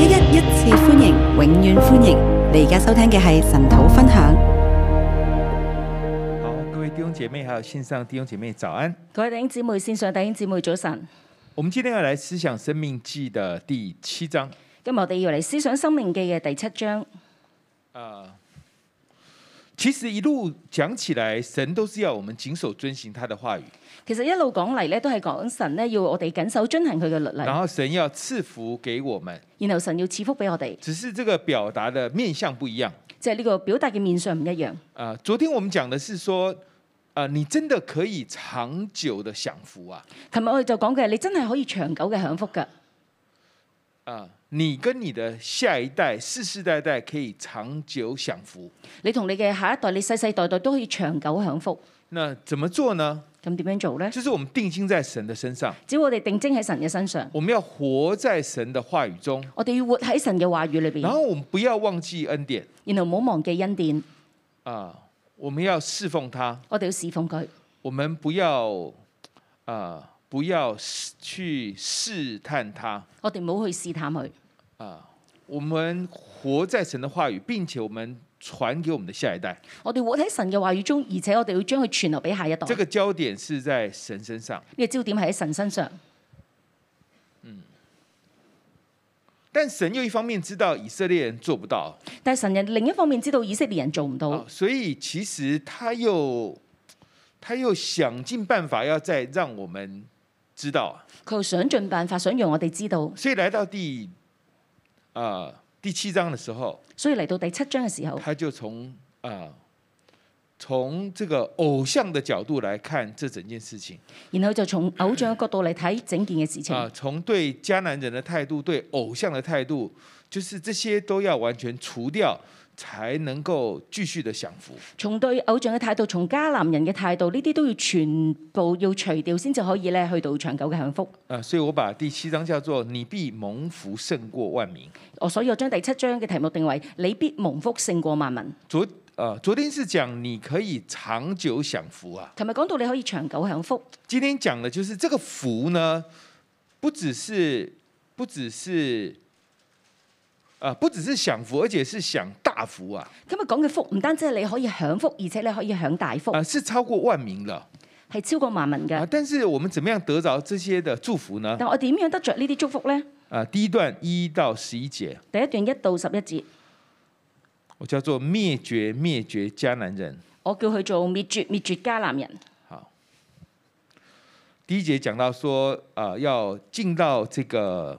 一一一次歡迎，永遠歡迎！你而家收聽嘅係神土分享。好，各位弟兄姐妹，還有線上弟兄姐妹早安；各位弟兄姊妹，線上弟兄姊妹早晨。我們今天要嚟思想生命記的第七章。今日我哋要嚟思想生命記嘅第七章。啊、呃。其實一路講起來，神都是要我們謹守遵行他的話語。其實一路講嚟咧，都係講神咧要我哋謹守遵行佢嘅律例。然後神要賜福給我們，然後神要賜福俾我哋。只是這個表達的面相不一樣，即係呢個表達嘅面相唔一樣。啊，昨天我們講嘅是說，啊，你真的可以長久的享福啊。琴日我哋就講嘅，你真係可以長久嘅享福㗎。啊。你跟你的下一代世世代代可以長久享福。你同你嘅下一代,你世世代代都可以長久享福。那怎麼做呢？咁點樣做呢？就是我們定睛在神的身上。只要我哋定睛喺神嘅身上。我們要活在神的話語中。我哋要活喺神嘅話語裏邊。然後我們不要忘記恩典。然後唔好忘記恩典。啊、呃，我們要侍奉他。我哋要侍奉佢。我們不要啊、呃，不要去試探他。我哋唔好去試探佢。啊、uh，我們活在神的話語，並且我們傳給我們的下一代。我哋活喺神嘅話語中，而且我哋要將佢傳留俾下一代。這個焦點是在神身上。呢、這個焦點係喺神身上。嗯。但神又一方面知道以色列人做不到，但神又另一方面知道以色列人做唔到，uh, 所以其實他又他又想盡辦法要再讓我們知道。佢想盡辦法想讓我哋知道，所以來到第。啊、呃！第七章的時候，所以嚟到第七章嘅時候，他就從啊、呃，從這個偶像的角度來看這整件事情，然後就從偶像嘅角度嚟睇整件嘅事情。啊、呃，從對迦南人的態度，對偶像的態度，就是這些都要完全除掉。才能夠繼續的享福。從對偶像嘅態度，從迦南人嘅態度，呢啲都要全部要除掉，先至可以咧去到長久嘅享福。啊，所以我把第七章叫做你必蒙福勝過萬民。我所以我將第七章嘅題目定為你必蒙福勝過萬民。昨啊，昨天是講你可以長久享福啊。琴日講到你可以長久享福。今天講嘅就是，這個福呢，不只是，不只是。啊，不只是享福，而且是享大福啊！今日講嘅福唔單止係你可以享福，而且你可以享大福。啊，是超過萬民了，係超過萬民嘅、啊。但是我們怎麼樣得着這些的祝福呢？但我點樣得着呢啲祝福呢？啊，第一段一到十一節。第一段一到十一節，我叫做滅絕滅絕迦南人。我叫佢做滅絕滅絕迦南人。好，第一節講到說啊，要進到這個。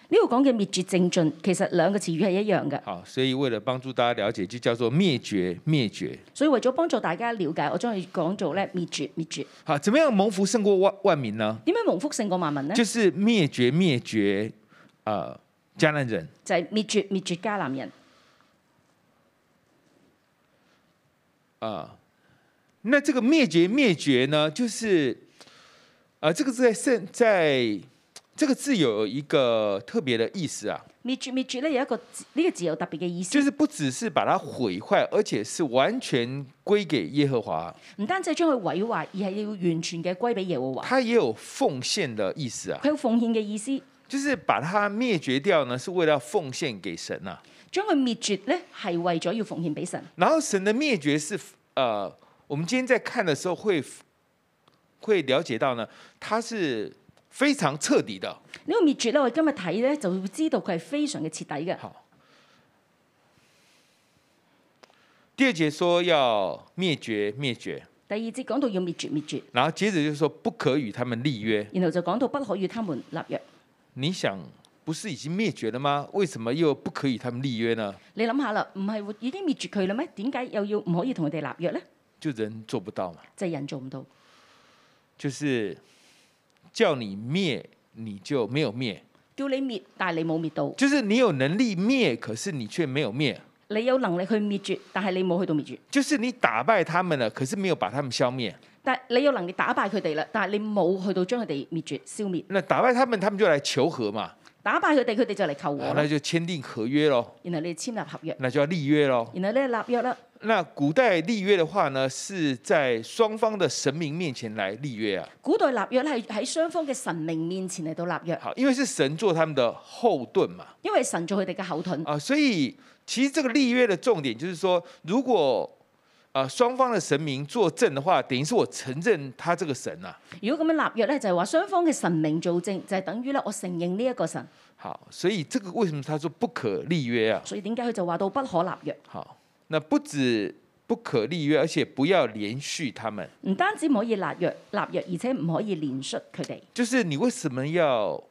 呢、這、度、個、講嘅滅絕淨盡，其實兩個詞語係一樣嘅。好，所以為了幫助大家了解，就叫做滅絕滅絕。所以為咗幫助大家了解，我將佢講做咧滅絕滅絕。好，怎麼樣蒙福勝過萬萬民呢？點樣蒙福勝過萬民呢？就是滅絕滅絕，誒、呃、迦南人。就係、是、滅絕滅絕迦南人。啊、呃，那這個滅絕滅絕呢？就是，啊、呃，這個是在聖在。在在這個字有一個特別的意思啊。滅絕滅絕呢，有一個呢個字有特別的意思，就是不只是把它毀壞，而且是完全歸給耶和華。唔單止將佢毀壞，而係要完全嘅歸俾耶和華。它也有奉獻的意思啊。佢有奉獻嘅意思，就是把它滅絕掉呢，是為了奉獻給神啊。將佢滅絕呢，係為咗要奉獻俾神。然後神的滅絕是，呃，我們今天在看的時候會會了解到呢，它是。非常徹底的呢個滅絕咧，我今日睇咧就會知道佢係非常嘅徹底嘅。好，第二節說要滅絕，滅絕。第二節講到要滅絕，滅絕。然後接着就說不可與他們立約。然後就講到不可與他們立約。你想，不是已經滅絕了嗎？為什麼又不可以與他們立約呢？你諗下啦，唔係已經滅絕佢啦咩？點解又要唔可以同佢哋立約呢？就人做不到嘛，即係人做唔到，就是。叫你滅你就沒有滅，叫你滅但係你冇滅到，就是你有能力滅，可是你卻沒有滅。你有能力去滅絕，但係你冇去到滅絕。就是你打敗他們了，可是沒有把他們消滅。但係你有能力打敗佢哋啦，但係你冇去到將佢哋滅絕消滅。那打敗他們，他們就嚟求和嘛。打敗佢哋，佢哋就嚟求和，那就簽訂合約咯。然後你哋簽立合約，那就要立約咯。然後咧立約啦。那古代立約的話呢，是在雙方的神明面前來立約啊。古代立約係喺雙方嘅神明面前嚟到立約，好，因為是神做他們嘅後盾嘛。因為神做佢哋嘅後盾啊，所以其實這個立約的重點就是說，如果啊雙方的神明作證的話，等於是我承認他這個神啦、啊。如果咁樣立約呢，就係話雙方嘅神明作證，就係、是、等於咧我承認呢一個神。好，所以這個為什麼他說不可立約啊？所以點解佢就話到不可立約？好。那不止不可立約，而且不要連續他們。唔單止唔可以納約納約，而且唔可以連續佢哋。就是你為什麼要？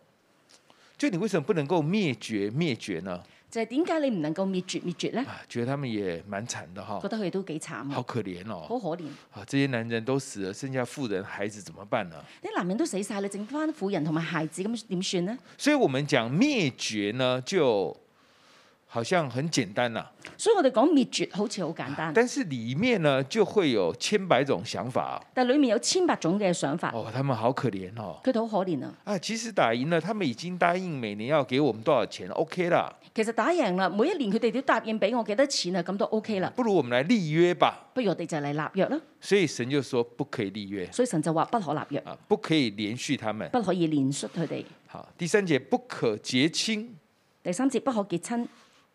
就你為什麼不能夠滅絕滅絕呢？就係點解你唔能夠滅絕滅絕呢、啊？覺得他們也蠻慘的哈、哦，覺得佢哋都幾慘、哦，好可憐哦，好可憐。啊，這些男人都死了，剩下婦人孩子怎麼辦呢？啲男人都死晒，你剩翻婦人同埋孩子，咁點算呢？所以我們講滅絕呢就。好像很簡單啦、啊，所以我哋講滅絕好似好簡單、啊，但是裏面呢就會有千百種想法。但係裏面有千百種嘅想法。哦，他們好可憐哦，佢哋好可憐啊。啊，其實打贏啦，他們已經答應每年要給我們多少錢，OK 啦。其實打贏啦，每一年佢哋都答應俾我幾多錢啊，咁都 OK 啦、啊。不如我們來立約吧，不如我哋就嚟立約啦。所以神就說不可以立約，所以神就話不可立約，不可以憐恤他們，不可以憐恤佢哋。好，第三節不可結親，第三節不可結親。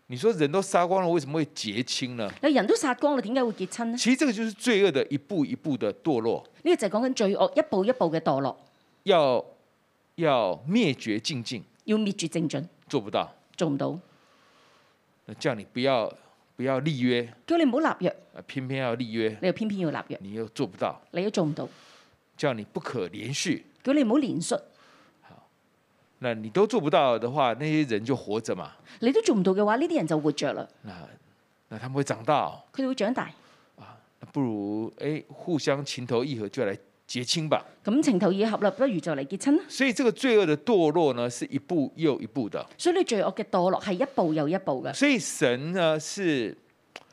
你說人都殺光了，為什麼會結親呢？你人都殺光了，點解會結親呢？其實這個就是罪惡的一步一步的墮落。呢個就係講緊罪惡一步一步嘅墮落。要要滅絕淨盡，要滅絕淨盡，做不到，做唔到。叫你不要不要立約，叫你唔好立約，偏偏要立約，你又偏偏要立約，你又做不到，你又做唔到。叫你不可連續，叫你唔好連續。那你都做不到的話，那些人就活着嘛。你都做唔到嘅話，呢啲人就活着啦。那、那他們會長大。佢哋會長大。不如互相情投意合就來結親吧。咁情投意合啦，不如就嚟結親。所以，這個罪惡的墮落呢，是一步又一步的。所以，你罪惡嘅墮落係一步又一步嘅。所以，神呢是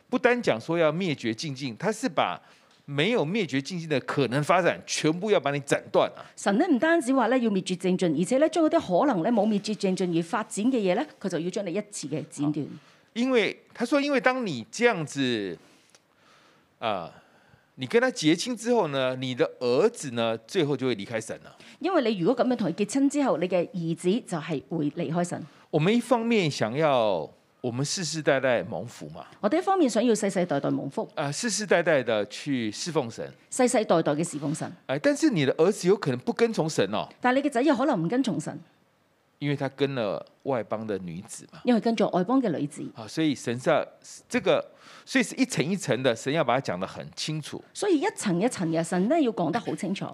不單講說要滅絕淨盡，他是把。沒有滅絕進進的可能發展，全部要把你斬斷啦、啊。神咧唔單止話咧要滅絕正進，而且咧將嗰啲可能咧冇滅絕正進而發展嘅嘢咧，佢就要將你一次嘅剪斷、啊。因為他說，因為當你這樣子啊，你跟他結親之後呢，你的兒子呢，最後就會離開神啦。因為你如果咁樣同佢結親之後，你嘅兒子就係會離開神。我們一方面想要。我們世世代代蒙福嘛？我哋一方面想要世世代代蒙福啊，世世代代的去侍奉神，世世代代嘅侍奉神。誒、哎，但是你的兒子有可能不跟從神哦。但係你嘅仔又可能唔跟從神，因為他跟了外邦的女子嘛。因為跟咗外邦嘅女子啊，所以神是要這個，所以是一層一層的，神要把它講得很清楚。所以一層一層嘅神咧，要講得好清楚。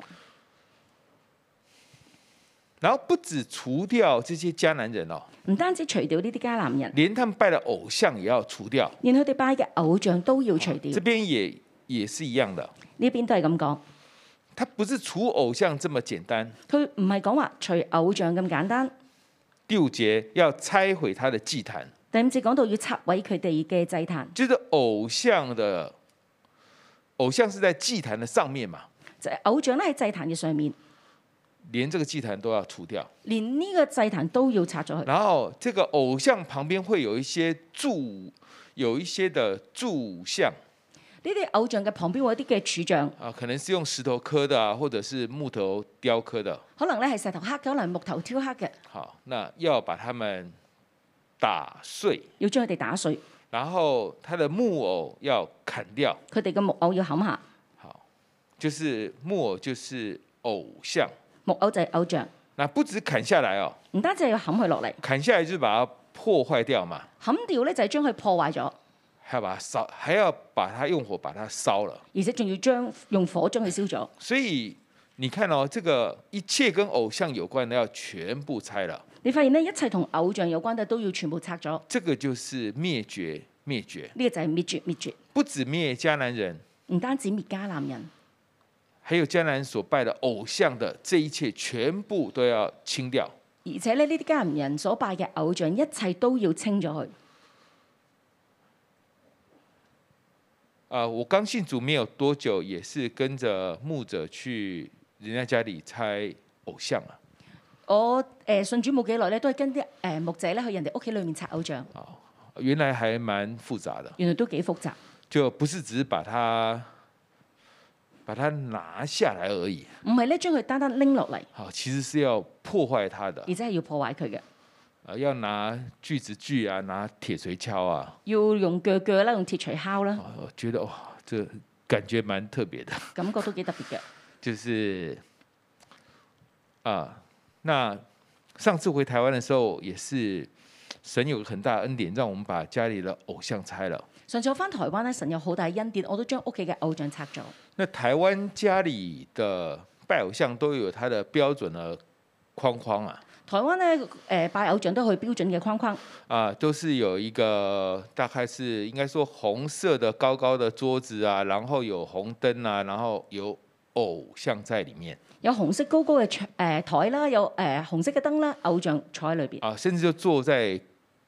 然後不止除掉這些迦南人哦，唔單止除掉呢啲迦南人，連他們拜的偶像也要除掉，連佢哋拜嘅偶像都要除掉。這邊也，也是一樣的，呢邊都係咁講。他不是除偶像這麼簡單，佢唔係講話除偶像咁簡單。第五節要拆毀他的祭壇。第五節講到要拆毀佢哋嘅祭壇，就是偶像的偶像，是在祭壇的上面嘛？就是，偶像都喺祭壇嘅上面。連這個祭壇都要除掉，連呢個祭壇都要拆咗去。然後，這個偶像旁邊會有一些柱，有一些的柱像。呢啲偶像嘅旁邊會有一啲嘅柱像。啊，可能是用石頭刻的，啊，或者是木頭雕刻的。可能咧係石頭刻，可能木頭雕刻嘅。好，那要把他們打碎，要將佢哋打碎。然後，他的木偶要砍掉，佢哋嘅木偶要砍下。好，就是木偶就是偶像。木偶就係偶像，那不止砍下來哦，唔單止係要砍佢落嚟，砍下來就把它破壞掉嘛。砍掉咧就係將佢破壞咗，還要把它燒，還要把它用火把它燒了，而且仲要將用火將佢燒咗。所以你睇哦，這個一切跟偶像有關的要全部拆啦。你發現呢，一切同偶像有關的都要全部拆咗。這個就是滅絕，滅絕，呢個就係滅絕，滅絕，不止滅迦南人，唔單止滅迦南人。還有迦南所拜的偶像的這一切，全部都要清掉。而且呢，呢啲迦南人所拜嘅偶像，一切都要清咗佢。啊，我剛信主沒有多久，也是跟着牧者去人家家裏拆偶像啊。我誒、呃，信主冇幾耐咧，都係跟啲誒牧者咧去人哋屋企裏面拆偶像。哦，原來還蠻複雜的。原來都幾複雜。就不是只是把他把它拿下來而已，唔係咧，將佢單單拎落嚟。其實是要破壞它的，而真係要破壞佢嘅，啊，要拿鋸子鋸啊，拿鐵錘敲啊，要用鋸鋸啦，用鐵錘敲啦。我覺得哇、哦，這感覺蠻特別的，感覺都幾特別嘅。就是啊，那上次回台灣的時候，也是神有個很大恩典，讓我們把家裡的偶像拆了。上次我返台灣呢，神有好大恩典，我都將屋企嘅偶像拆咗。那台灣家裡嘅拜偶像都有它的標準嘅框框啊？台灣呢，誒、呃、拜偶像都係標準嘅框框啊，都、就是有一個大概是應該說紅色的高高的桌子啊，然後有紅燈啊，然後有偶像在裡面，有紅色高高嘅桌誒台啦，有誒、呃、紅色嘅燈啦，偶像坐喺裏邊啊，甚至就坐在。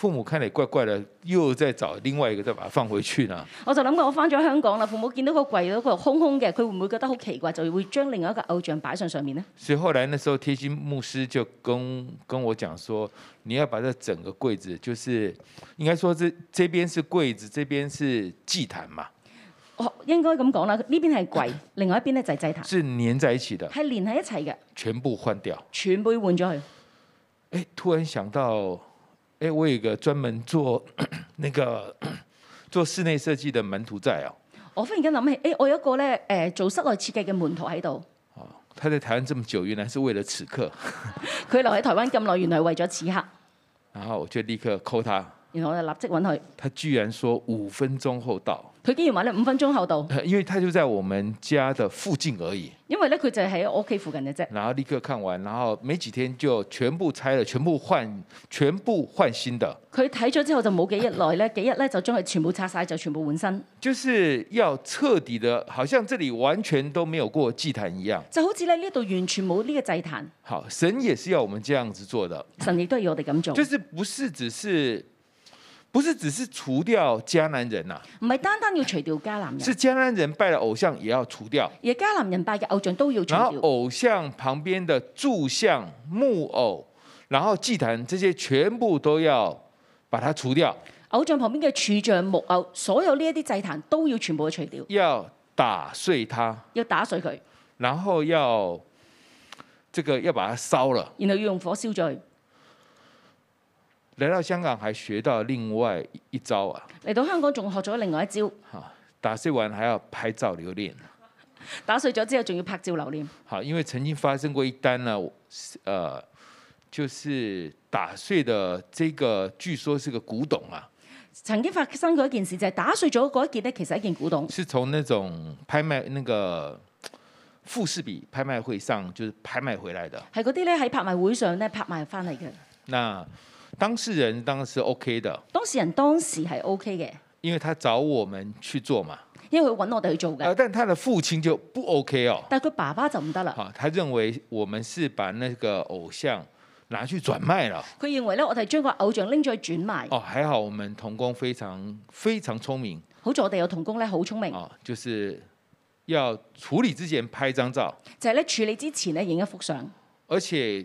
父母看你怪怪的，又再找另外一個，再把它放回去呢？我就諗過，我翻咗香港啦，父母見到個櫃都空空嘅，佢會唔會覺得好奇怪，就會將另外一個偶像擺上上面呢？所以後來，那時候貼心牧師就跟跟我講說，你要把這整個櫃子，就是應該說，這這邊是櫃子，這邊是祭壇嘛。哦，應該咁講啦，呢邊係櫃，另外一邊咧就係祭壇。是連在一起的。係連喺一齊嘅。全部換掉。全部換咗去。欸，突然想到。哎、欸，我有一個專門做那個，做室、啊欸個欸、做室內設計的門徒在啊！我忽然間諗起，哎，我有一個咧，誒做室內設計嘅門徒喺度。哦，他在台灣這麼久，原來係為了此刻。佢 留喺台灣咁耐，原來係為咗此刻。然後我就立刻 call 他。然後我就立即揾佢。他居然說五分鐘後到。佢竟然玩咗五分鐘後到，因為他就在我們家的附近而已。因為呢，佢就喺我屋企附近嘅啫。然後立刻看完，然後沒幾天就全部拆了，全部換，全部換新的。佢睇咗之後就冇幾日內呢，幾日呢就將佢全部拆晒，就全部換新。就是要徹底的，好像這裏完全都沒有過祭壇一樣。就好似咧，呢度完全冇呢個祭壇。好，神也是要我們這樣子做的，神亦都要我哋咁做。就是不是只是。不是只是除掉迦南人啊，唔係單單要除掉迦南人，是迦南人拜的偶像也要除掉，而迦南人拜嘅偶像都要除掉，然後偶像旁邊的柱像木偶，然後祭壇這些全部都要把它除掉，偶像旁邊嘅柱像木偶，所有呢一啲祭壇都要全部除掉，要打碎它，要打碎佢，然後要這個要把它燒了，然後要用火燒咗佢。嚟到香港還學到另外一招啊！嚟到香港仲學咗另外一招。嚇，打碎完還要拍照留念。打碎咗之後仲要拍照留念。好，因為曾經發生過一單呢，呃，就是打碎的這個，據說係個古董啊。曾經發生過一件事，就係、是、打碎咗嗰一件呢。其實一件古董。係從那種拍賣那個富士比拍賣會上，就是拍賣回來的。係嗰啲呢，喺拍賣會上呢，拍賣翻嚟嘅。那當事人當時 OK 的，當事人當時係 OK 嘅，因為他找我們去做嘛，因為佢揾我哋去做嘅。但他的父親就不 OK 哦，但佢爸爸就唔得啦。哈、哦，他認為我們是把那個偶像拿去轉賣了。佢認為咧，我哋將個偶像拎咗去轉賣。哦，還好我們同工非常非常聰明，好在我哋有同工咧，好聰明。哦，就是要處理之前拍一張照，就係咧處理之前咧影一幅相，而且。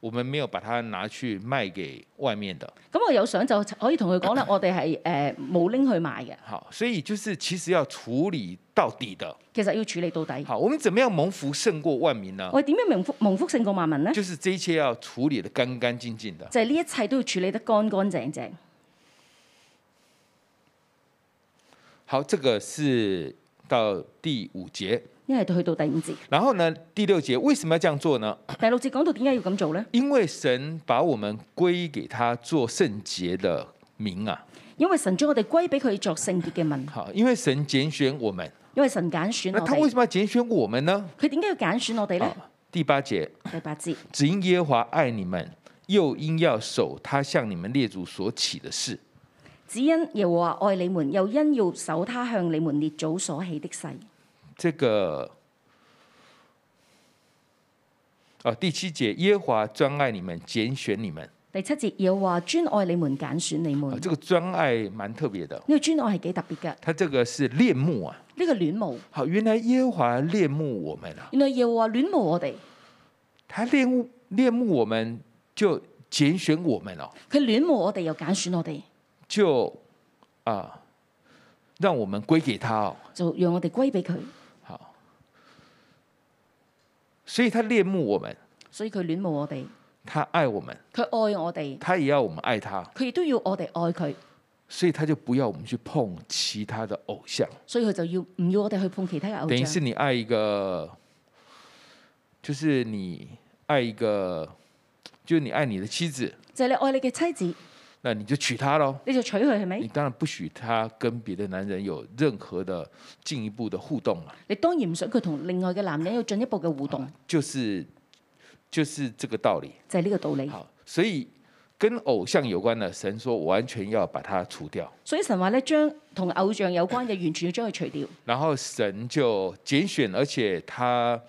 我們沒有把它拿去賣給外面的。咁我有想就可以同佢講啦，我哋係誒冇拎去賣嘅。好、嗯，所以就是其實要處理到底的。其實要處理到底。好，我們怎麼樣蒙福勝過萬民呢？我點樣蒙福蒙福勝過萬民呢？就是這一切要處理得乾乾淨淨的。就係、是、呢一切都要處理得乾乾淨淨。好，這個是到第五節。因為去到第五節，然後呢？第六節為什麼要這樣做呢？第六節講到點解要咁做呢？因為神把我們歸給他做聖潔的名啊！因為神將我哋歸俾佢作聖潔嘅民。好，因為神揀選我們，因為神揀選。那他為什麼要揀選我們呢？佢點解要揀選我哋呢？第八節，第八節，只因耶和華愛你們，又因要守他向你們列祖所起的事。只因耶和華愛你們，又因要守他向你們列祖所起的誓。這個，啊、哦、第七節耶華專愛你們，揀選你們。第七節耶華專愛你們，揀選你們、哦。這個專愛蠻特別的。呢、個專愛係幾特別噶？他這個是戀慕啊。呢、個戀慕。好、哦，原來耶華戀慕我們啦、啊。原來耶華戀慕我哋。他戀慕戀慕我們就揀選我們咯、啊。佢戀慕我哋又揀選我哋、啊。就啊、呃，讓我們歸給他、啊、就讓我哋歸俾佢。所以他戀慕我們，所以佢戀慕我哋。他愛我們，佢愛我哋。他也要我們愛他，佢亦都要我哋愛佢。所以他就不要我們去碰其他的偶像。所以佢就要唔要我哋去碰其他嘅偶像。等於是你愛一個，就是你愛一個，就是、你愛你的妻子，就是、你愛你嘅妻子。那你就娶她咯，你就娶佢係咪？你當然不許他跟別的男人有任何的進一步的互動啦。你當然唔想佢同另外嘅男人有進一步嘅互動。就是，就是這個道理。就係、是、呢個道理。好，所以跟偶像有關嘅，神說完全要把它除掉。所以神話呢，將同偶像有關嘅完全要將佢除掉、嗯。然後神就揀選，而且他，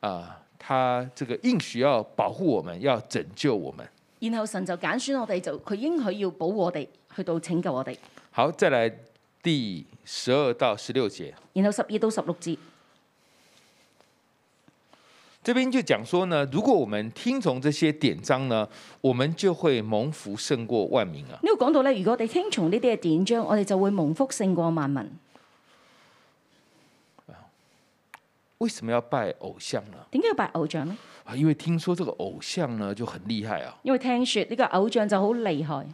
啊、呃，他這個應許要保護我們，要拯救我們。然後神就揀選我哋，就佢應許要保我哋，去到拯救我哋。好，再來第十二到十六節。然後十二到十六節，這邊就講說呢，如果我們聽從這些典章呢，我們就會蒙福勝過萬民啊。呢、這個講到咧，如果我哋聽從呢啲嘅典章，我哋就會蒙福勝過萬民。為什麼要拜偶像呢？點解要拜偶像呢？啊！因為聽說這個偶像呢就很厲害啊！因為聽說呢個偶像就好厲害，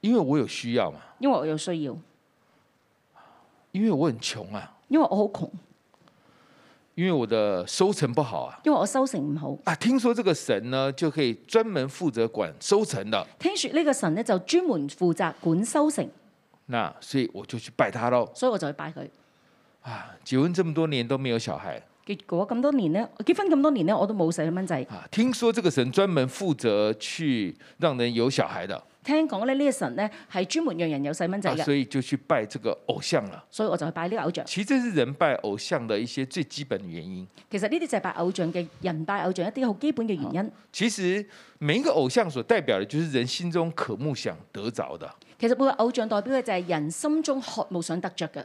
因為我有需要嘛。因為我有需要，因為我很窮啊。因為我好窮，因為我的收成不好啊。因為我收成唔好啊！聽說這個神呢就可以專門負責管收成的。聽說呢個神呢就專門負責管收成。那所以我就去拜他咯。所以我就去拜佢。啊！結婚這麼多年都沒有小孩。結果咁多年呢，結婚咁多年呢，我都冇細蚊仔。啊，聽說這個神專門負責去讓人有小孩的。聽講咧，呢個神呢係專門讓人有細蚊仔嘅，所以就去拜這個偶像啦。所以我就去拜呢個偶像。其實，這是人拜偶像的一些最基本原因。其實呢啲就係拜偶像嘅人拜偶像一啲好基本嘅原因，啊。其實每一個偶像所代表嘅，就是人心中渴慕想得着的。其實每個偶像代表嘅就係人心中渴慕想得着嘅。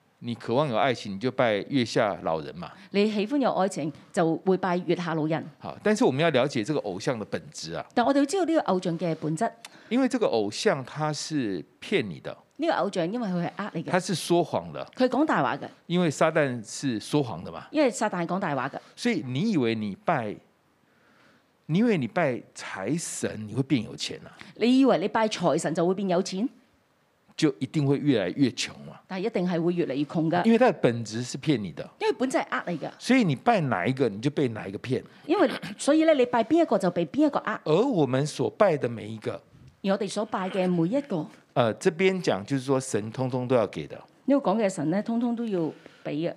你渴望有愛情，你就拜月下老人嘛？你喜歡有愛情，就會拜月下老人。好，但是我們要了解這個偶像的本質啊！但我哋要知道呢個偶像嘅本質，因為這個偶像他是騙你的。呢個偶像因為佢係呃你嘅，他是說謊的，佢講大話嘅。因為撒旦是說謊的嘛？因為撒旦係講大話嘅。所以你以為你拜，你以為你拜財神，你會變有錢啊？你以為你拜財神就會變有錢？就一定會越來越窮啊！但係一定係會越來越窮噶，因為它的本質是騙你的。因為本質係呃你嘅，所以你拜哪一個你就被哪一個騙。因為所以咧，你拜邊一個就被邊一個呃。而我們所拜嘅每一個，而我哋所拜嘅每一個，誒、呃，這邊講就是說神通通都要給的。這個、講的呢個講嘅神咧，通通都要俾嘅。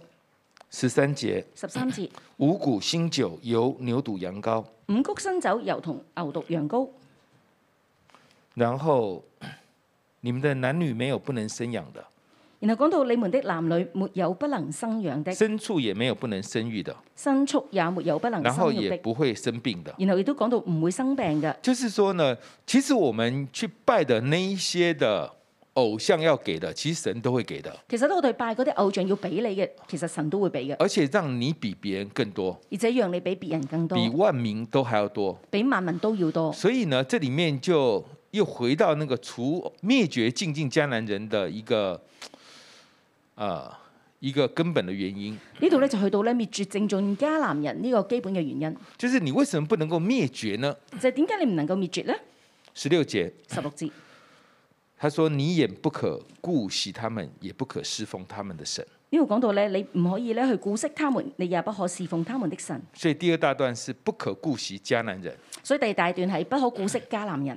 十三節，十三節，五穀新酒油牛犢、羊羔，五穀新酒油同牛犢、羊羔，然後。你們的男女沒有不能生養的，然後講到你們的男女沒有不能生養的，牲畜也沒有不能生育的，牲畜也沒有不能生育的，然後也不會生病的，然後亦都講到唔會生病嘅。就是說呢，其實我們去拜的那一些的偶像要給的，其實神都會給的。其實我哋拜嗰啲偶像要俾你嘅，其實神都會俾嘅，而且讓你比別人更多，而且讓你比別人更多，比萬民都還要多，比萬民都要多。所以呢，這裏面就。又回到那個除滅絕淨盡迦南人的一個，啊、呃，一個根本的原因。呢度咧就去到咧滅絕淨盡迦南人呢個基本嘅原因。就是你為什麼不能夠滅絕呢？就係點解你唔能夠滅絕咧？十六節，十、呃、六節，他說你也不可顧惜他們，也不可侍奉他們的神。呢度講到咧，你唔可以咧去顧惜他們，你也不可侍奉他們的神。所以第二大段是不可顧惜迦南人。所以第二大段係不可顧惜迦南人。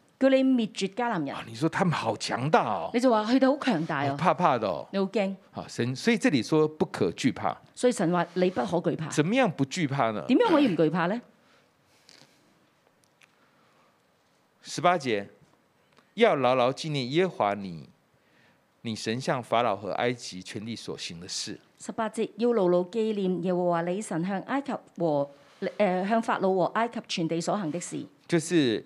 叫你滅絕迦南人，哦。你說他們好強大哦！你就話佢哋好強大啊、哦！怕怕的，哦，你好驚。啊，神，所以這裏說不可懼怕。所以神話你不可懼怕。怎麼樣不懼怕呢？點樣可以唔懼怕呢？十八節要牢牢紀念耶和華你你神向法老和埃及全地所行的事。十八節要牢牢紀念耶和華你神向埃及和誒向法老和埃及全地所行的事。就是。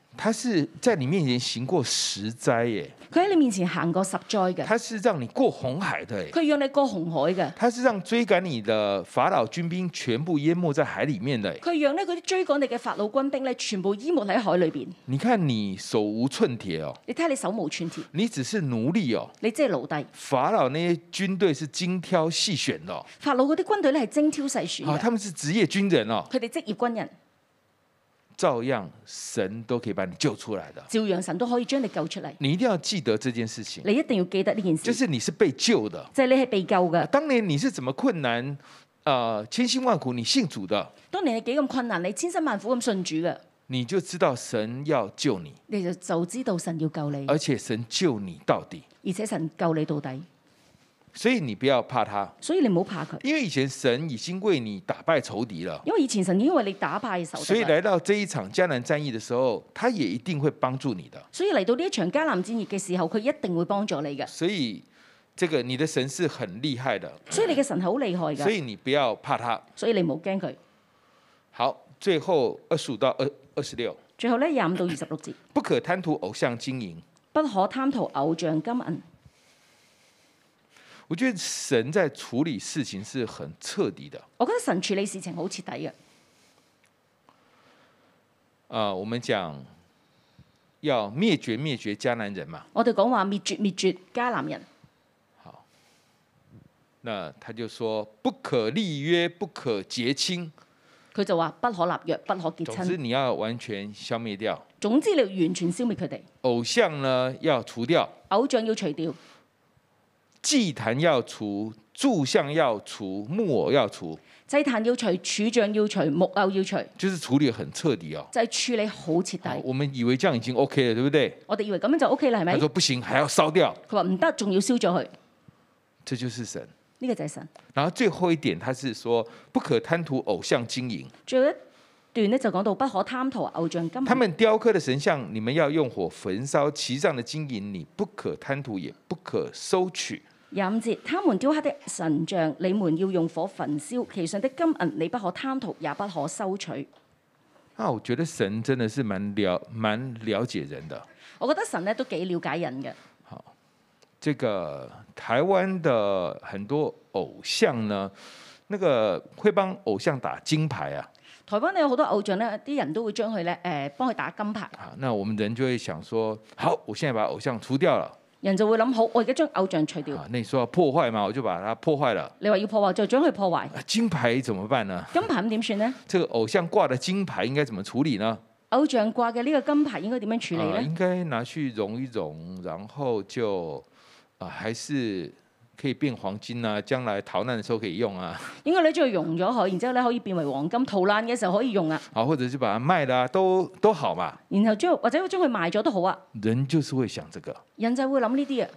他是在你面前行過十災耶，佢喺你面前行過十災嘅。他是讓你過紅海的，佢讓你過紅海嘅。他是讓追趕你的法老軍兵全部淹沒在海裏面的，佢讓你嗰啲追趕你嘅法老軍兵咧全部淹沒喺海裏邊。你看你手無寸鐵哦、喔，你睇下你手無寸鐵，你只是奴隸哦、喔，你即係奴隸。法老呢啲軍隊是精挑細選咯、喔，法老嗰啲軍隊咧係精挑細選的、喔，啊、哦，他們是職業軍人哦、喔，佢哋職業軍人。照樣神都可以把你救出來的，照樣神都可以將你救出來。你一定要記得這件事情，你一定要記得呢件事，就是你是被救的，即、就、係、是、你係被救嘅。當年你是怎麼困難、呃、千辛萬苦，你信主的。當年你幾咁困難，你千辛萬苦咁信主嘅，你就知道神要救你，你就就知道神要救你，而且神救你到底，而且神救你到底。所以你不要怕他，所以你唔好怕佢，因為以前神已經為你打敗仇敵了。因為以前神已經為你打敗仇敵，所以來到這一場迦南戰役的時候，他也一定會幫助你的。所以嚟到呢一場迦南戰役嘅時候，佢一定會幫助你嘅。所以，這個你的神是很厲害的。所以你嘅神好厲害嘅。所以你不要怕他，所以你唔好驚佢。好，最後二十五到二二十六，最後呢廿五到二十六節，不可貪圖偶像金銀，不可貪圖偶像金銀。我覺得神在處理事情是很徹底的。我覺得神處理事情好徹底嘅。啊、呃，我們講要滅絕滅絕迦南人嘛。我哋講話滅絕滅絕迦南人。好，那他就說不可立約，不可結親。佢就話不可立約，不可結親。總之你要完全消滅掉。總之你要完全消滅佢哋。偶像呢要除掉。偶像要除掉。祭壇要除，柱像要除，木偶要除。祭壇要除，柱像要除，木偶要除。就是處理很徹底哦。就係、處理好徹底。我們以為這樣已經 OK 了，對不對？我哋以為咁樣就 OK 啦，係咪？他說不行，還要燒掉。佢話唔得，仲要燒咗佢。這就是神。呢、呢個就係神。然後最後一點，他是說不可貪圖偶像金銀。最後一段呢，就講到不可貪圖偶像金銀。他們雕刻的神像，你們要用火焚燒，其上的金銀你不可貪圖，也不可收取。任節，他們雕刻的神像，你們要用火焚燒；其上的金銀，你不可貪圖，也不可收取。啊，我覺得神真的是蠻了，蠻了解人的。我覺得神呢都幾了解人嘅。好，這個台灣的很多偶像呢，那個會幫偶像打金牌啊。台灣咧有好多偶像呢，啲人都會將佢咧，誒，幫佢打金牌。啊，那我們人就會想說，好，我現在把偶像除掉了。人就會諗好，我而家將偶像除掉。啊，那你要、啊、破壞嘛？我就把它破壞了。你話要破壞就將佢破壞。金牌怎麼辦呢？金牌咁點算呢？這個偶像掛的金牌應該怎麼處理呢？偶像掛嘅呢個金牌應該點樣處理呢？呃、應該拿去融一融，然後就啊、呃，還是？可以變黃金啊，將來逃難的時候可以用啊。應該你將佢融咗佢，然之後咧，可以變為黃金，套攋嘅時候可以用啊。好，或者就把它賣啦，都都好嘛。然後將或者將佢賣咗都好啊。人就是會想這個。人就會諗呢啲啊。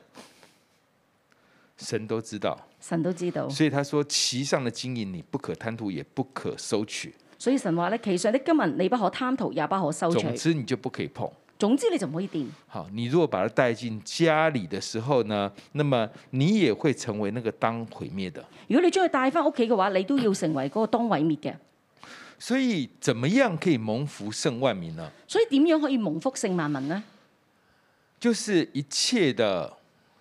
神都知道。神都知道。所以他說：其上的金銀，你不可貪圖，也不可收取。所以神話咧，其上你今日你不可貪圖，也不可收取。總之你就不可以碰。總之你就唔可以掂。好，你如果把他帶進家裏的時候呢，那麼你也會成為那個當毀滅的。如果你將佢帶翻屋企嘅話，你都要成為嗰個當毀滅嘅。所以，怎麼樣可以蒙福勝萬民呢？所以點樣可以蒙福勝萬民呢？就是一切的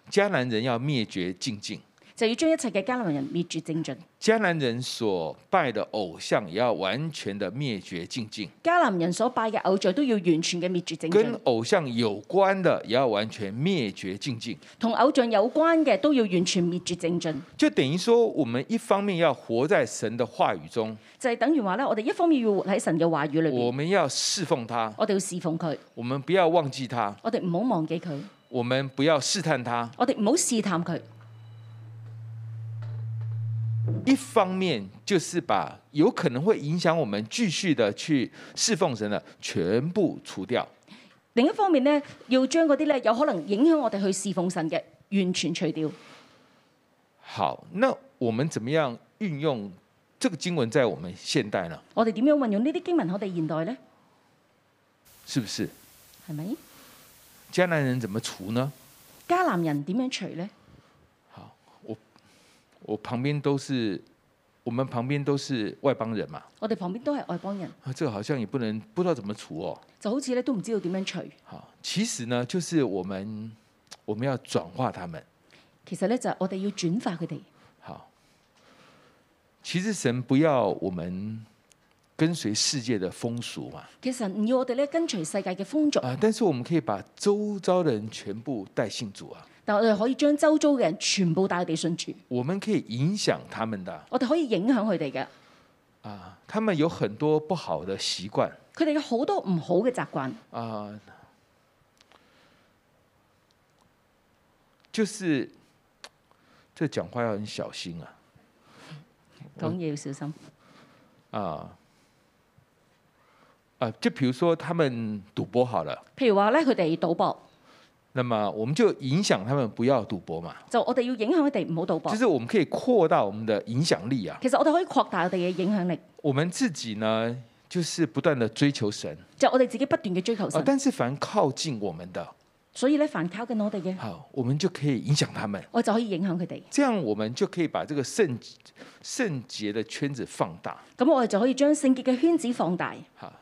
迦南人要滅絕淨盡。就要將一切嘅迦南人滅絕淨盡。迦南人所拜嘅偶像也要完全嘅滅絕淨盡。迦南人所拜嘅偶像都要完全嘅滅絕淨盡。跟偶像有關嘅，也要完全滅絕淨盡。同偶像有關嘅都要完全滅絕淨盡。就等於說，我們一方面要活在神嘅話語中。就係、是、等於話咧，我哋一方面要活喺神嘅話語裏邊。我們要侍奉他，我哋要侍奉佢，我們不要忘記他，我哋唔好忘記佢，我們不要試探他，我哋唔好試探佢。一方面就是把有可能會影響我們繼續的去侍奉神的全部除掉；另一方面呢，要將嗰啲呢有可能影響我哋去侍奉神嘅完全除掉。好，那我們怎麼樣運用這個經文在我們現代呢？我哋點樣運用呢啲經文喺我哋現代呢？是不是？係咪？迦南人怎麼除呢？迦南人點樣除呢？我旁邊都是，我們旁邊都是外邦人嘛。我哋旁邊都係外邦人。啊，這個好像也不能，不知道怎麼除哦。就好似呢都唔知道點樣除。好，其實呢，就是我們我們要轉化他們。其實呢，就是我哋要轉化佢哋。好，其實神不要我們跟隨世界的風俗嘛。其實唔要我哋呢跟隨世界嘅風俗啊。但是我們可以把周遭的人全部帶信主啊。但我哋可以將周遭嘅人全部帶去地信處。我們可以影響他們的。我哋可以影響佢哋嘅。啊，他們有很多不好的習慣。佢哋有好多唔好嘅習慣。啊，就是，即係講話要很小心啊。講嘢要小心啊。啊，啊，就譬如說，他們賭博好了。譬如話咧，佢哋賭博。那麼我們就影響他們不要賭博嘛？就我哋要影響佢哋唔好賭博。就是我們可以擴大我們的影響力啊！其實我哋可以擴大我哋嘅影響力。我們自己呢，就是不斷的追求神。就我哋自己不斷嘅追求神。但是凡靠近我們的，所以呢，凡靠近我哋嘅，好，我們就可以影響他們。我就可以影響佢哋。這樣我們就可以把這個聖聖潔的圈子放大。咁我哋就可以將聖潔嘅圈子放大。吓，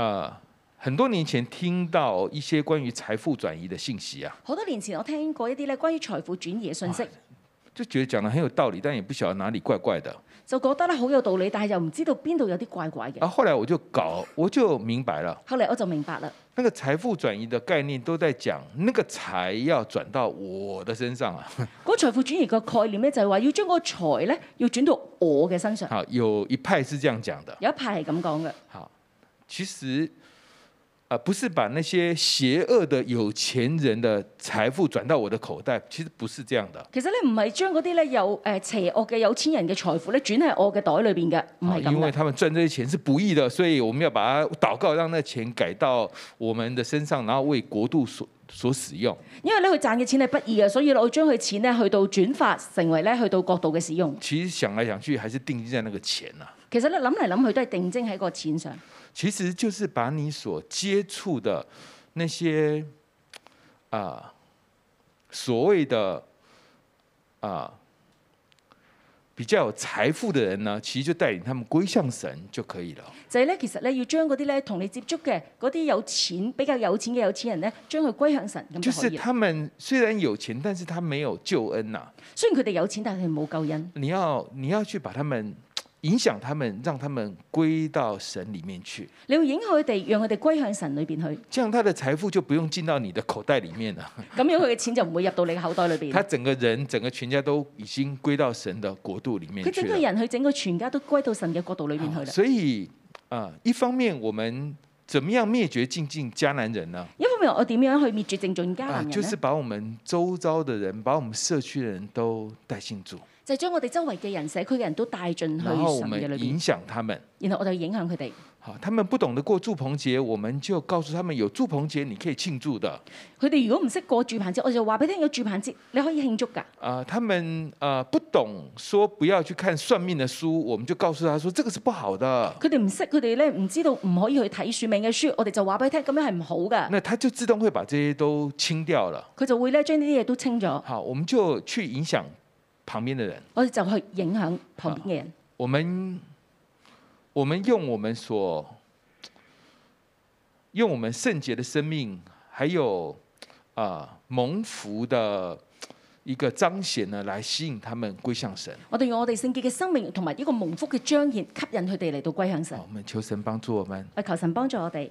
啊。很多年前聽到一些關於財富轉移的信息啊，好多年前我聽過一啲咧關於財富轉移嘅信息，就覺得講得很有道理，但也不曉得哪裏怪怪的，就覺得咧好有道理，但係又唔知道邊度有啲怪怪嘅。啊，後來我就搞，我就明白了。後來我就明白了，那個財富轉移的概念都在講，那個財要轉到我的身上啊。嗰財富轉移嘅概念呢，就係話要將嗰財呢要轉到我嘅身上。好，有一派是這樣講的，有一派係咁講嘅。好，其實。啊，不是把那些邪惡的有錢人的財富轉到我的口袋，其實不是這樣的。其實你唔係將嗰啲咧有誒邪惡嘅有錢人嘅財富咧轉喺我嘅袋裏邊嘅，唔係咁。因為，他們賺這些錢是不易的，所以我們要把它禱告，讓那錢改到我們的身上，然後為國度所所使用。因為咧，佢賺嘅錢係不易嘅，所以我將佢錢咧去到轉發，成為咧去到國度嘅使用。其實想來想去，還是定睛在那個錢啊。其實咧諗嚟諗去，都係定睛喺個錢上。其實就是把你所接觸的那些啊、呃、所謂的啊、呃、比較有財富的人呢，其實就帶領他們歸向神就可以了。就係咧，其實咧要將嗰啲咧同你接觸嘅嗰啲有錢、比較有錢嘅有錢人咧，將佢歸向神咁就可以。就是他們雖然有錢，但是他沒有救恩呐。雖然佢哋有錢，但係冇救恩。你要你要去把他們。影響他們，讓他們歸到神裏面去。你會影響他哋，讓佢哋歸向神裏邊去。這樣他的財富就不用進到你的口袋裏面了。咁樣佢嘅錢就唔會入到你嘅口袋裏邊。他整個人、整個全家都已經歸到神的國度裏面去。佢整個人、佢整個全家都歸到神嘅國度裏面去了。所以，一方面我們怎麼樣滅絕淨盡迦南人呢？一方面我點樣去滅絕淨盡迦南人呢？就是把我們周遭的人，把我們社區的人都帶進入。就將、是、我哋周圍嘅人、社區嘅人都帶進去神嘅裏邊，影響他們。然後我就影響佢哋。好，他們不懂得過住棚節，我們就告訴他們有住棚節，你可以慶祝的。佢哋如果唔識過住棚節，我就話俾聽有住棚節，你可以慶祝噶。啊，他們不懂說不要去看算命嘅書，我們就告訴他說這個是不好的。佢哋唔識，佢哋咧唔知道唔可以去睇算命嘅書，我哋就話俾佢聽，咁樣係唔好噶。那他就自動會把這些都清掉了。佢就會咧將呢啲嘢都清咗。好，我們就去影響。旁邊的人，我哋就去影響旁邊嘅人、啊。我們，我們用我們所，用我們聖潔的生命，還有啊、呃、蒙福的一個彰顯呢，來吸引他們歸向神。我哋用我哋聖潔嘅生命，同埋呢個蒙福嘅彰顯，吸引佢哋嚟到歸向神。我們求神幫助我們，啊、我們求神幫助我哋。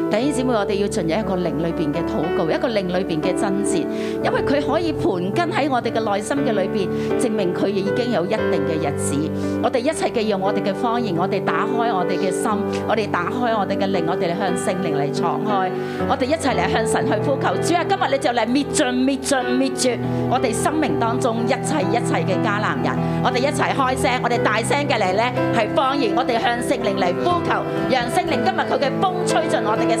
弟兄姊妹，我哋要進入一個靈裏邊嘅禱告，一個靈裏邊嘅真摯，因為佢可以盤根喺我哋嘅內心嘅裏邊，證明佢已經有一定嘅日子。我哋一齊嘅用我哋嘅方言，我哋打開我哋嘅心，我哋打開我哋嘅靈，我哋嚟向聖靈嚟敞開。我哋一齊嚟向神去呼求，主啊，今日你就嚟滅盡、滅盡、滅絕我哋生命當中一切一切嘅迦南人。我哋一齊開聲，我哋大聲嘅嚟咧，係方言，我哋向聖靈嚟呼求，讓聖靈今日佢嘅風吹進我哋嘅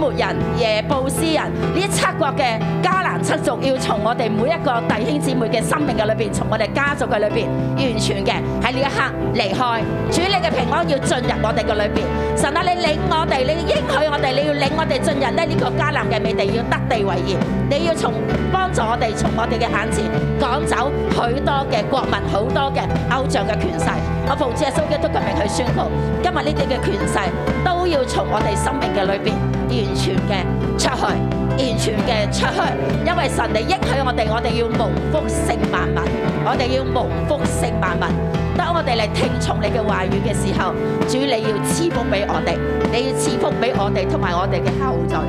末人耶布斯人呢七國嘅迦南七族要從我哋每一個弟兄姊妹嘅生命嘅裏邊，從我哋家族嘅裏邊，完全嘅喺呢一刻離開。主你嘅平安要進入我哋嘅裏邊。神啊，你領我哋，你應許我哋，你要領我哋進入呢呢個迦南嘅美地，要得地為業。你要從幫助我哋，從我哋嘅眼前趕走許多嘅國民，好多嘅偶像嘅權勢。我奉主耶穌基督嘅名去宣告，今日呢啲嘅權勢都要從我哋生命嘅裏邊。完全嘅出去，完全嘅出去，因為神你應許我哋，我哋要蒙福勝萬民，我哋要蒙福勝萬民。當我哋嚟聽從你嘅話語嘅時候，主你要賜福俾我哋，你要賜福俾我哋同埋我哋嘅後代。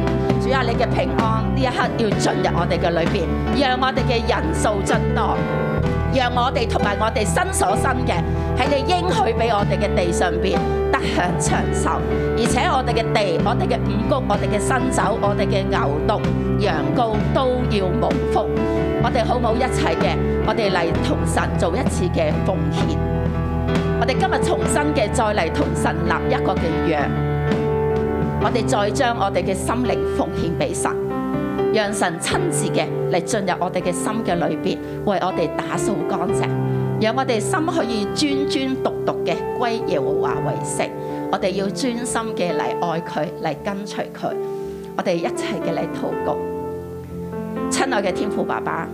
主啊，你嘅平安呢一刻要進入我哋嘅裏邊，讓我哋嘅人數增多，讓我哋同埋我哋身所生嘅喺你應許俾我哋嘅地上邊。享長壽，而且我哋嘅地、我哋嘅五谷、我哋嘅新酒、我哋嘅牛犢、羊羔都要蒙福。我哋好冇一切嘅，我哋嚟同神做一次嘅奉獻。我哋今日重新嘅再嚟同神立一個嘅約，我哋再將我哋嘅心靈奉獻俾神，讓神親自嘅嚟進入我哋嘅心嘅裏邊，為我哋打掃乾淨。讓我哋心可以專專讀讀嘅歸耶和華為聖，我哋要專心嘅嚟愛佢，嚟跟隨佢，我哋一齊嘅嚟禱告。親愛嘅天父爸爸，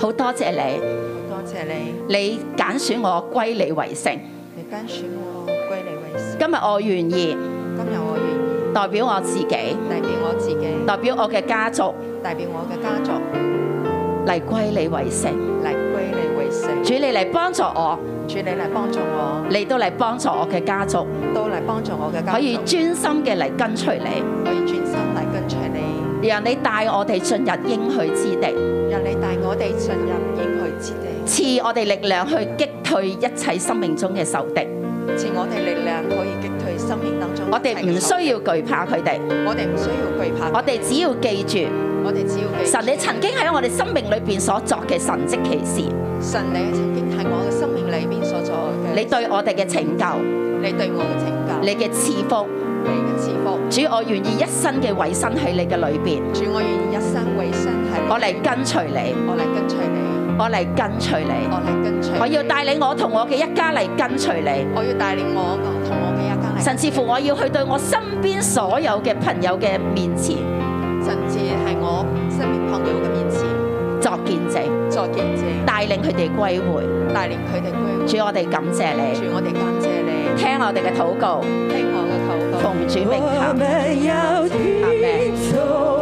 好多謝你，好多謝你，你揀選我歸你為聖，你揀選我歸你為聖。今日我願意，今日我願意，代表我自己，代表我自己，代表我嘅家族，代表我嘅家族嚟歸你為聖。主你嚟幫助我，主你嚟幫助我，你都嚟幫助我嘅家族，都嚟幫助我嘅家族，可以專心嘅嚟跟隨你，可以專心嚟跟隨你，讓你帶我哋進入應許之地，讓你帶我哋進入應許之地，賜我哋力量去擊退一切生命中嘅仇敵，賜我哋力量可以擊退生命當中，我哋唔需要懼怕佢哋，我哋唔需要懼怕，我哋只要記住，我哋只要記住，神你曾經喺我哋生命裏邊所作嘅神蹟奇事。神，你曾經喺我嘅生命裏邊所做嘅，你對我哋嘅拯救，你對我嘅拯救，你嘅賜福，你嘅賜福。主，我願意一生嘅委身喺你嘅裏邊。主，我願意一生委身喺你嘅裏面。我嚟跟隨你，我嚟跟隨你，我嚟跟隨你，我嚟跟隨你。我要帶領我同我嘅一家嚟跟隨你。我要帶領我同我嘅一家嚟。甚至乎我要去對我身邊所有嘅朋友嘅面前。帶領佢哋歸回，帶領佢哋歸回。主，我哋感謝你，主我哋感謝你。聽我哋嘅禱告，聽我嘅禱告。奉主名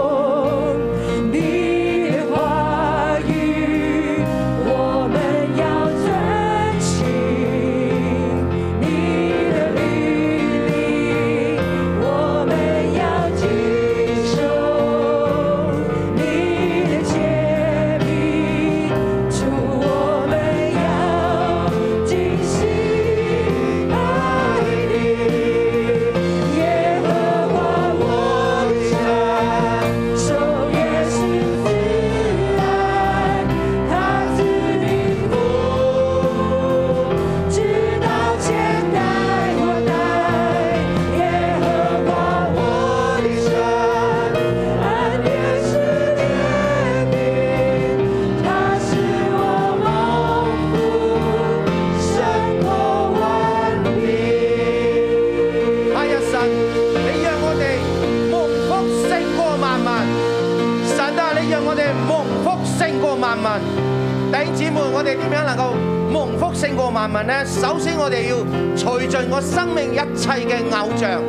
首先，我哋要除盡我生命一切嘅偶像，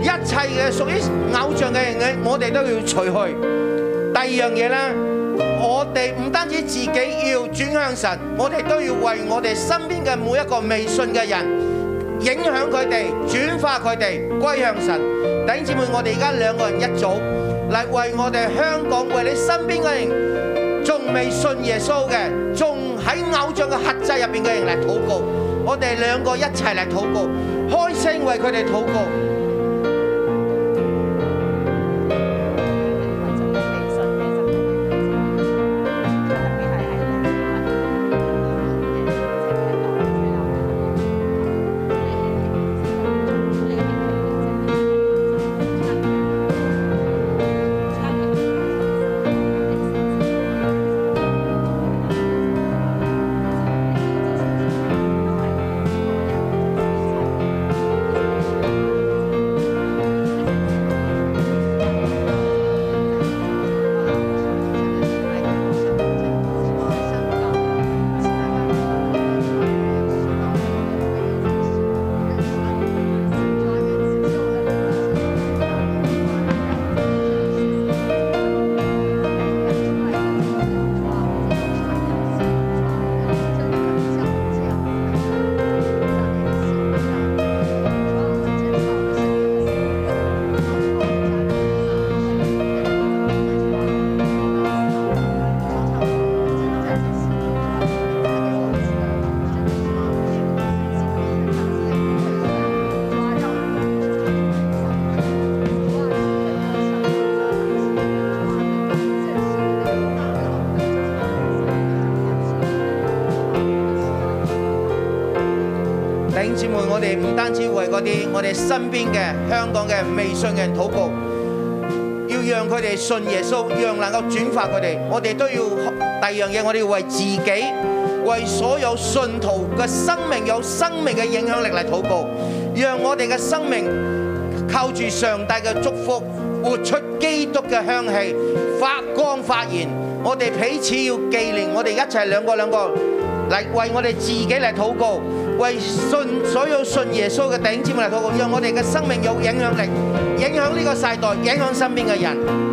一切嘅屬於偶像嘅人，我哋都要除去。第二樣嘢呢，我哋唔單止自己要轉向神，我哋都要為我哋身邊嘅每一個未信嘅人，影響佢哋，轉化佢哋，歸向神。弟兄姊妹，我哋而家兩個人一組，嚟為我哋香港，為你身邊嘅人仲未信耶穌嘅。喺偶像嘅克制入面嘅人嚟禱告，我哋兩個一齊嚟禱告，開聲為佢哋禱告。單止為嗰啲我哋身邊嘅香港嘅未信嘅人禱告，要讓佢哋信耶穌，讓能夠轉發佢哋。我哋都要第二樣嘢，我哋要為自己、為所有信徒嘅生命有生命嘅影響力嚟禱告，讓我哋嘅生命靠住上帝嘅祝福，活出基督嘅香氣，發光發現。我哋彼此要紀念，我哋一齊兩個兩個嚟為我哋自己嚟禱告。為信所有信耶穌嘅弟兄姊妹嚟講，讓我哋嘅生命有影響力，影響呢個世代，影響身邊嘅人。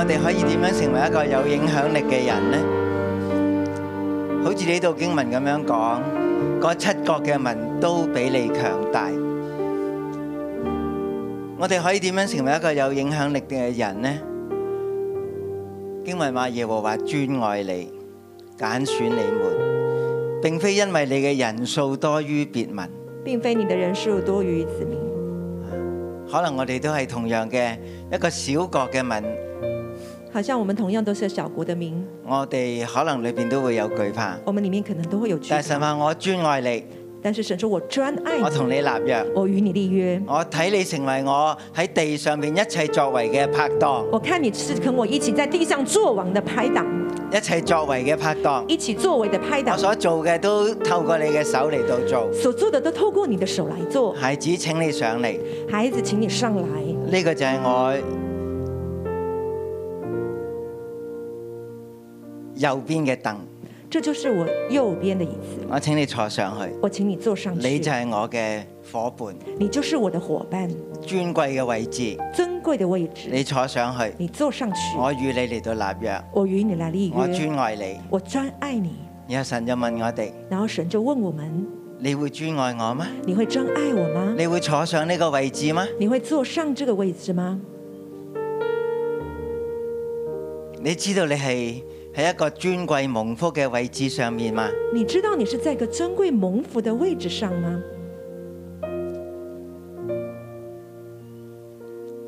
我哋可以點樣成為一個有影響力嘅人呢？好似呢度經文咁樣講，嗰七國嘅民都比你強大。我哋可以點樣成為一個有影響力嘅人呢？經文話耶和華專愛你，揀選你們，並非因為你嘅人數多於別民，並非你嘅人數多於子民。可能我哋都係同樣嘅一個小國嘅民。好像我們同樣都是小國的名。我哋可能裏面都會有懼怕。我們裏面可能都會有懼怕。大神話我專愛你，但是神說我專愛你，我同你立約，我與你立約，我睇你成為我喺地上面一切作為嘅拍檔。我看你是跟我一起在地上做王的拍檔，一切作為嘅拍檔，一起作為嘅拍檔。我所做嘅都透過你嘅手嚟到做，所做嘅都透過你嘅手嚟做。孩子，請你上嚟。孩子，請你上來。呢個就係我，右邊嘅凳，這就是我右邊嘅椅子。我請你坐上去，我請你坐上去。你就係我嘅夥伴，你就是我的伙伴。尊貴嘅位置，尊貴嘅位置。你坐上去，你坐上去。我與你嚟到立約，我與你嚟立約。我專愛你，我專愛，愛你。然後神就問我哋，然後神就問我們，你會專愛我嗎？你會專愛我嗎？你會坐上呢個位置嗎？你會坐上這個位置嗎？你知道你係？喺一個尊貴蒙福嘅位置上面嘛？你知道你是在一個尊貴蒙福嘅位置上嗎？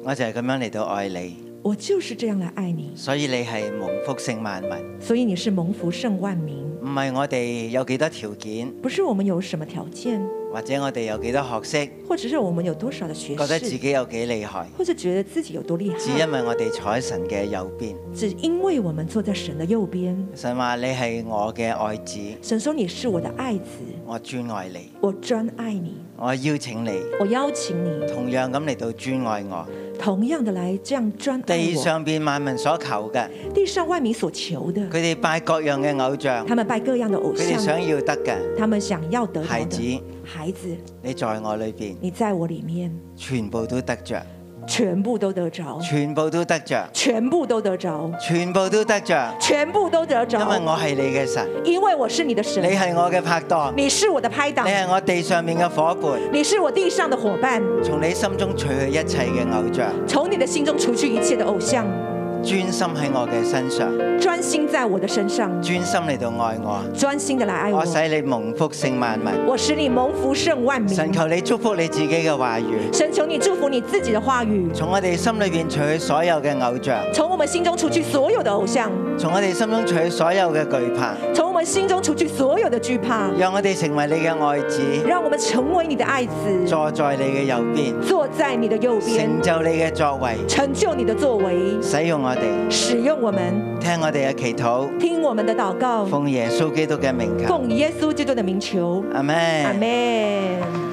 我就係咁樣嚟到愛你。我就是這樣嚟愛你。所以你係蒙福勝萬民。所以你是蒙福勝萬民。唔係我哋有幾多條件？不是我們有什麼條件？或者我哋有幾多學識，或者是我們有多少的學識，覺得自己有幾厲害，或者覺得自己有多厲害，只因為我哋坐喺神嘅右邊，只因為我們坐在神的右邊。神話你係我嘅愛子，神說你是我的愛子，我尊愛你，我尊愛你，我邀請你，我邀請你，同樣咁嚟到尊愛我。同樣的來這樣專地上邊萬民所求的，地上萬民所求的，佢哋拜各樣嘅偶像，他們拜各樣的偶像，佢哋想要得嘅，他們想要得的孩子，的孩子，你在我裏邊，你在我裏面，全部都得着，全部都得着，全部都得着，全部都得着，全部都得着，全部都得着。因為我是你的神，因為我是你的神，你是我嘅拍檔，你是我的拍檔，你係我，的拍你是我的地上面嘅伙伴，你是我地上的伙伴。從你心中除去一切嘅偶像，從你的心中除去一切的偶像。專心喺我嘅身上，專心在我的身上，專心嚟到愛我，專心嘅來愛我。我，我使你蒙福勝萬民，我使你蒙福勝萬民。神求你祝福你自己嘅話語，神求你祝福你自己的話語。從我哋心裏邊除去所有嘅偶像，從我們心中除去所有嘅偶像。從我哋心中除去所有嘅懼怕，從我們心中除去所有嘅懼怕。讓我哋成為你嘅愛子，讓我們成為你的愛子。坐在你嘅右邊，坐在你嘅右邊。成就你嘅作為，成就你的作為。使用我。使用我們，聽我哋嘅祈禱，聽我們的禱告，奉耶穌基督嘅名求，奉耶穌基督的名求，阿門，阿門。